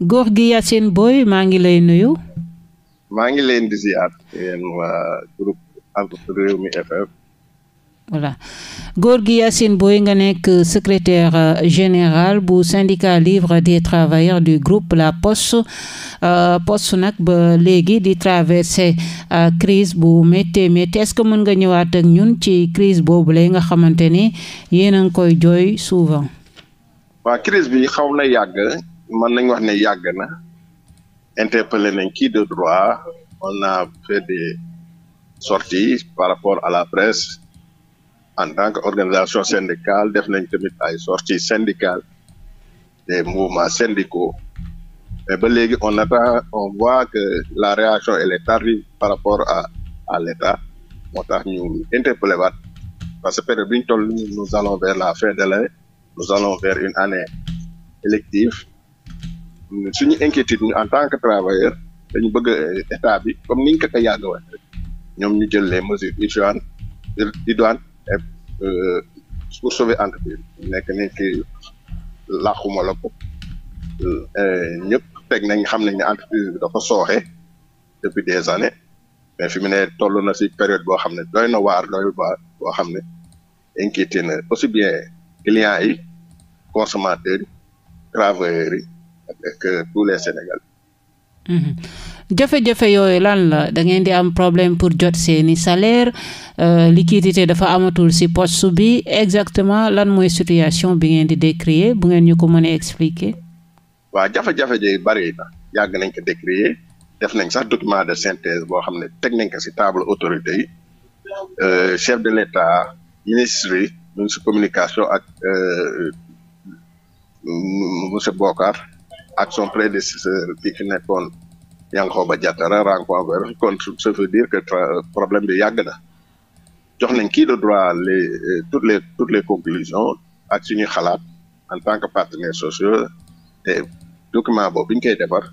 góor gi Yacine booy maa ngi lay nuyu. maa ngi leen di ziar yéen waa groupe entreprise Rewmi FM. voilà Gorgui Yacine Boye nga nekk secretaire général bu syndicat libre des travailleurs du groupe La Poste euh, nag ba léegi di traverser euh, crise bu métti métti est-ce que mën nga ñëwaat ak ñun ci crise boobu lay nga xamante ni yéen a ngi koy jooy souvent. waa crise bi xaw na yàgg. mën nañ wax ne yàgg na interpellé nañ kii de droit on a fait des sorties par rapport à la presse en tant qu'organisation syndicale def nañ tamit ay sorties syndicales des mouvements syndicaux mais ba léegi on attend on voit que la réaction elle est tardive par rapport à à l'État moo tax ñu interpellé waat parce que période bi ñu toll nous allons vers la fin de l'année nous allons vers une année élective suñu inquiétude ñu en tant que travailleur dañu bëgg eh, état bi comme niñ ko ko yàgg wax ñoom ñu jël les mesures idoines idoines euh, pour sauver entreprise nekk ni la ko euh, eh, ñëpp teg nañ xam nañ ne entreprise bi dafa sooxe depuis des années mais fi mu ne toll na si période boo xam ne doy na waar doy waar boo xam ne inquiété na aussi bien clients yi consommateurs yi travailleurs yi avec euh, tous les Sénégalais. Mhm. jafe-jafe yooyu lan la da ngeen di am problème pour jot seeni salaire euh, liquidité dafa amatul ci post bi exactement lan mooy situation bi ngeen di décrier bu ngeen ñu ko mënee expliquer. waaw jafe-jafe de bari na yàgg nañ ko décrier def nañ sax document de synthèse boo xam ne teg nañ ko ci table autorité yi euh, chef de l'État ministre yi ministre communication ak monsieur Bokar. ak son prédécesseur bi fi nekkoon Yankhoba Diattara rencontre contre ça veut dire que problème bi yàgg na jox nañ kii de droit les euh, toutes les toutes les conclusions ak suñu xalaat en tant que partenaires sociaux te document boobu bi ñu koy defar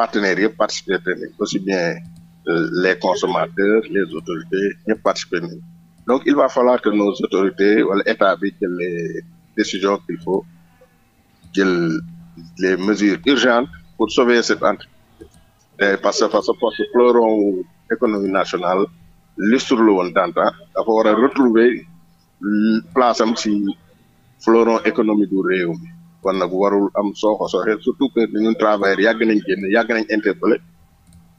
partenaires yëpp participer nañ aussi bien euh, les consommateurs les autorités ñëpp participer nañ donc il va falloir que nos autorités wala état bi jël les décisions qu'il faut les mesures urgentes pour sauver cette entreprise. parce que parce que fleuron wu économie nationale lustre la woon d'antan dafa war a retrouver place am ci fleuron économique du réew mi kon nag warul am sooxo sooxe surtout que ñun travailleurs yàgg nañ génn yàgg nañ interpellé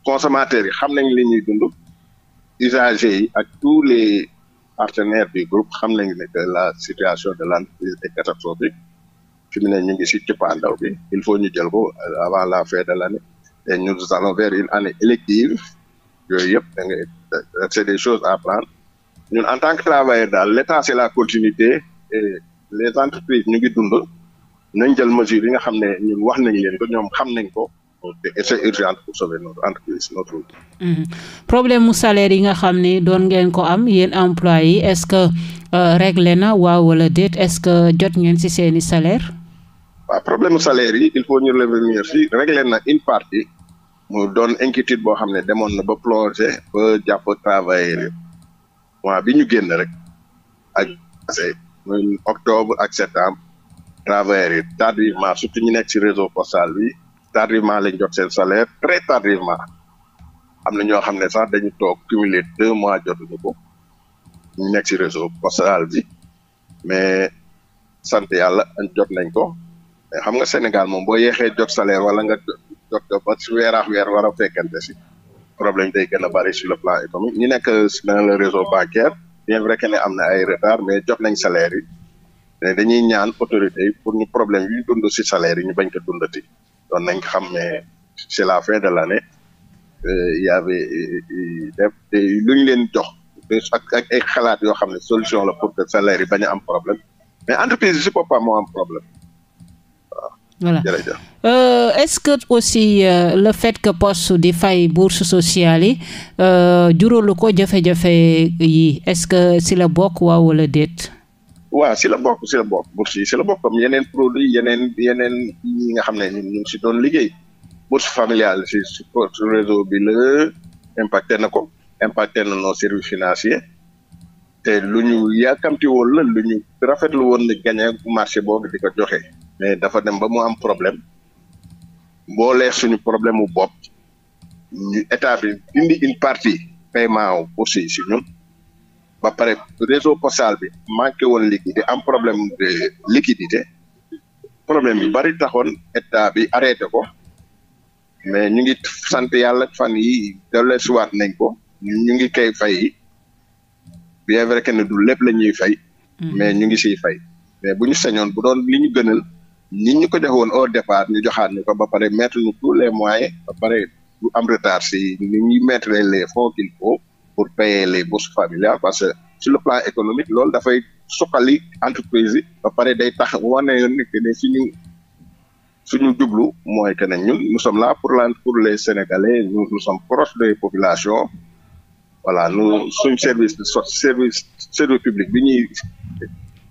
consommateurs yi xam nañ li ñuy dund usagers yi ak tous les partenaires du groupe xam nañ ne que la situation de l'entreprise est catastrophique fi mu ngi si cëppaandaw bi il faut ñu jël ko avant la fin de l' année et nous allons vers une yëpp da ngay des choses à prendre ñun en tant que travailleur daal l' état c' est la continuité les entreprises ñu ngi dund nañ jël mesure yi nga xam ne ñun wax nañ leen ko ñoom xam nañ ko. et c'est urgent mm-hmm. problème mu salaire yi nga xam ne doon ngeen ko am yéen employés yi est-ce que euh, réglé na waaw wala déet est-ce que jot ngeen ci seeni salaire. waaw problème salaire yi il faut ñu revenir si régler na une partie mu doon inquiétude boo xam ne demoon na ba plongé ba jàpp travailleurs yi mois bi ñu génn rek ak octobre ak septembre travailleurs yi tardivement surtout ñu nekk si réseau postal bi tardivement lañ jot seen salaire très tardivement am na ñoo xam ne sax dañu toog cumuler deux mois jotuñu ko ñu nekk si réseau postale bi mais sant yàlla jot nañ ko xam nga Sénégal moom boo yeexee jot salaire wala nga jot ko ba su weeraax weer war a fekkante si problème day gën a bëri sur le plan économique ñi nekk dans le réseau bancaire bien vrai que ne am na ay retard mais jot nañ salaire yi mais dañuy ñaan autorité yi pour ñu problème yi ñu dund si salaire yi ñu bañ ko dundati doon nañ xam ne c'est la fin de l'année euh, y avait euh, euh, def leen jox ak ak ay xalaat yoo xam ne solution la pour que salaire yi bañ am problème mais entreprise si boppam moo am problème voilà jërëjëf euh, est-ce que aussi euh, le fait que poste di fay bourse sociale yi euh, juralu ko jafe-jafe yi est-ce que si la bokk waaw wala déet. waaw si la bokk si la bokk bourse yi si la bokk comme yeneen produit yeneen yeneen ñi nga xam ne ñu ngi si doon liggéey bourse familiale si su réseau bi la impacté na ko impacté na nos services financiers te lu ñu yàkkamti woon la lu ñu rafetlu woon ni gagné marché boobu di ko joxe. mais dafa dem ba mu am problème boolee suñu problème mu bopp ñu état bi indi une partie paiement aussi si ñun ba pare réseau postal bi manqué woon liquidité am problème de liquidité problème yu bari taxoon état bi arrêté ko mais ñu ngi sant yàlla fan yi doole suwaat nañ ko ñu ngi kay fay bien vrai que ne du lépp la ñuy fay mm. mais ñu ngi siy fay mais bu ñu sañoon bu doon li gënal nit ñi ko jox woon au départ ñu joxaat ñu ko ba pare mettre ñu tous les moyens ba pare du am retard si ni ñuy mettre les fonds qu'il faut pour payer les bourses familiales parce que sur le plan économique loolu dafay suqali entreprise yi ba pare day tax wane ne que ne suñu suñu jublu mooy que ne ñun nous sommes pour la pour les sénégalais nous nous sommes proches des populations voilà nous suñ service service service public bi ñuy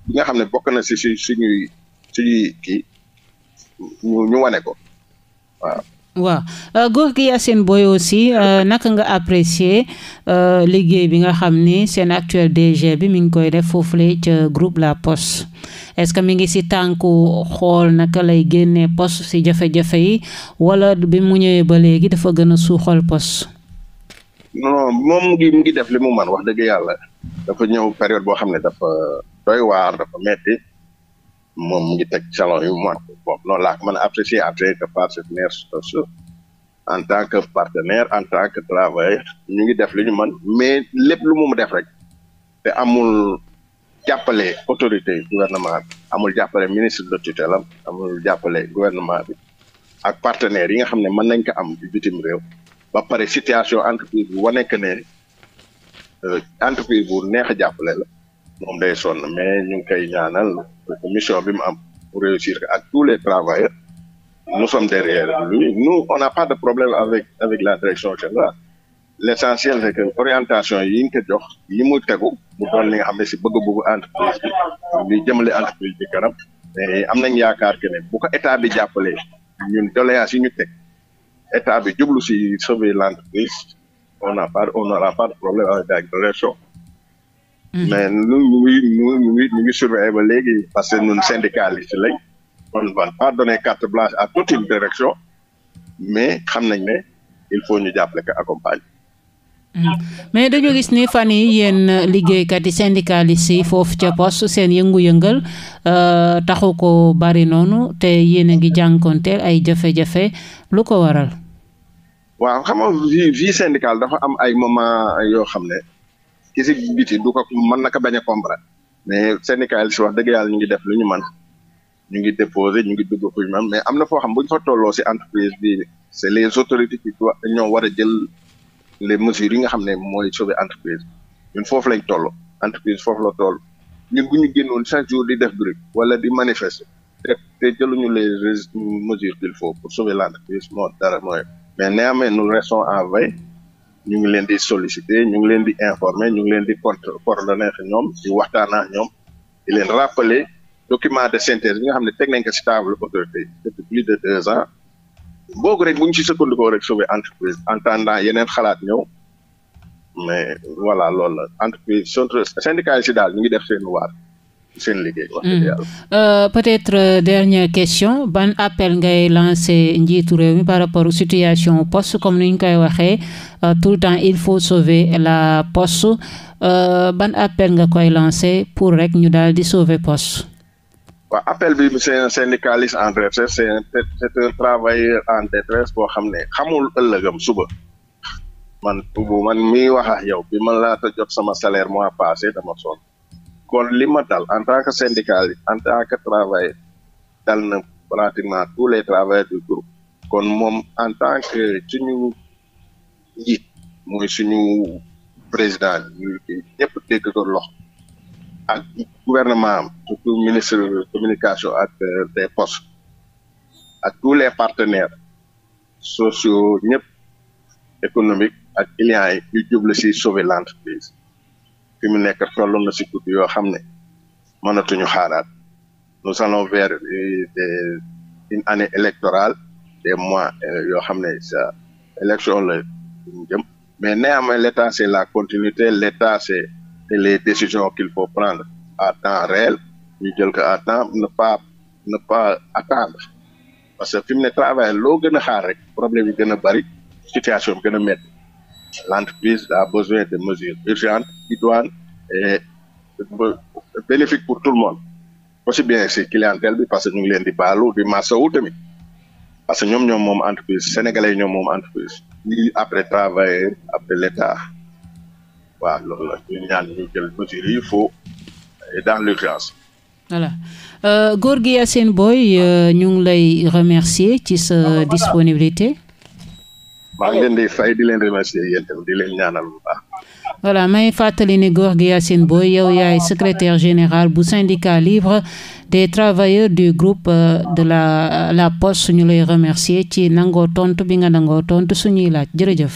bi nga xam ne bokk na si suñuy. suñuy kii ñu ñu waaw. waaw uh, Gorgui Yacine aussi euh, naka nga apprécier uh, liggéey bi nga xam ni seen actuel DG bi mi ngi koy def foofule ca groupe La Poste est-ce que mi ngi si tànku xool naka lay génne poste si jafe-jafe yi wala bi mu ñëwee ba léegi dafa gën a suuxal poste. non moom ngi ngi def li mu man wax dëgg yàlla dafa ñëw période boo xam ne dafa doy waar dafa metti moom mu ngi yu moit bon noonu laa ko mën a apprécier en tant que partenaire social en tant que partenaire en tant que travailleur ñu ngi def li ñu man mais lépp lu mu def rek te amul jàppale autorité gouvernement amul jàppale ministre de tutelle am amul jàppale gouvernement bi ak partenaires yi nga xam ne mën nañ ko am ci bitim réew ba pare situation entreprise bu wane ne euh, entreprise bu neex a jàppale la moom day sonn mais ñu ngi koy ñaanal mission bi mu am pour réussir ak tous les travailleurs nous sommes derrière lui nous on n'a pas de problème avec avec la direction générale l'essentiel c'est que orientation yi nga ko jox yi mu tegu mu doon li nga xam si bëgg-bëggu entreprise bi li jëmale entreprise bi kanam mais am nañ yaakaar que ne bu ko état bi jàppalee ñun doléance yi ñu teg état bi jublu si sauver l'entreprise on n'a pas on n'aura pas de problème avec la direction Mm-hmm. mais ñun ñu ngi ñu ngi ñu ngi surveiller ba léegi parce que ñun syndicaliste lañ. on va pas donner carte blanche à toute une direction mais xam nañ ne il faut ñu jàppale ko accompagner. Mm-hmm. mais dañu gis ni fan yi yéen liggéeykat yi syndicalistes yi foofu ca poste seen yëngu-yëngal euh, taxu ko bari noonu te yéen a ngi jànkonteel ay jafe-jafe lu ko waral. waaw xam nga vie syndicale dafa am ay moment yoo xam ne. ki si biti du ko mën na ko bañ a comprendre mais syndicat si wax dëgg yàlla ñu ngi def lu ñu mën ñu ngi déposé ñu ngi dugg fu mais am na foo xam bu ñu fa tolloo si entreprise bi c'est les autorités qui ñoo war a jël les mesures yi nga xam ne mooy sauver entreprise ñun foofu lañ toll entreprise foofu la toll ñun bu ñu génnoon chaque jour di def bruit wala di manifester te te jëluñu les mesures qu'il faut pour sauver l'entreprise moo dara mooy mais néanmoins nous restons en veille ñu ngi leen di solliciter ñu ngi leen di informer ñu ngi leen di contre coordonner ñoom di waxtaan ñoom di leen rappeler document de synthèse bi nga xam ne teg nañ ko ci table autorité depuis plus de deux ans boobu rek bu ñu ci sukkandikoo rek sauver entreprise en attendant yeneen xalaat ñëw mais voilà lool la entreprise syndicat yi daal ñu ngi def seen waar. seen euh, peut-être euh, dernière question ban appel ngay lancer njiitu réew mi par rapport situation poste comme ni ñu koy waxee euh, tout le temps il faut sauver la poste ban appel nga koy lancer pour rek ñu daal di sauver post waaw appel bi c'est un syndicaliste en en détresse boo xam ne xamul ëllëgam suba man mi wax ak yow bi man jot sama salaire mois passé dama sonn kon li ma dal en tant que syndicaliste en tant que travailleur dal na pratiquement tous les travailleurs du groupe kon moom en tant que suñu njiit mooy suñu président bi ñëpp lox ak gouvernement am ministre de communication ak euh, des postes ak tous les partenaires sociaux ñëpp économique ak clients yi ñu jublu si sauver l'entreprise fi mu nekk toll na si guddi yoo xam ne mënatuñu xaaraat nous allons vers des une année électorale des mois euh, yoo xam ne sa élection la ñu jëm mais néanmoins l' état c' est la continuité l' état c' est les décisions qu'il faut prendre à temps réel ñu jël ko à temps ne pas ne pas attendre parce que fi mu ne travail loo gën a xaar rek problème yi gën a bëri situation bi gën a L'entreprise a besoin de mesures urgentes, idoines et bénéfiques pour tout le monde. aussi bien si clientèle bi parce que ñu ngi leen di baalu di masawu tamit parce que ñoom ñoom moom entreprise sénégalais yi ñoom moom entreprise lii après travailleur après l'État waaw loolu la ñu ñaan yi il faut dans l'urgence voilà euh, Gorgui Yacine Boye euh, ñu ngi lay remercier ci sa ah, disponibilité maa ngi di fay di leen remercier yéen tam di leen ñaanal bu baax. may fàttali ni gox Gorgui Yacine boo yow yaay secrétaire général bu syndicat libre des travailleurs du groupe euh, de la euh, la poste ñu lay remercier ci nangoo tontu bi nga nangoo tontu suñuy laaj jërëjëf.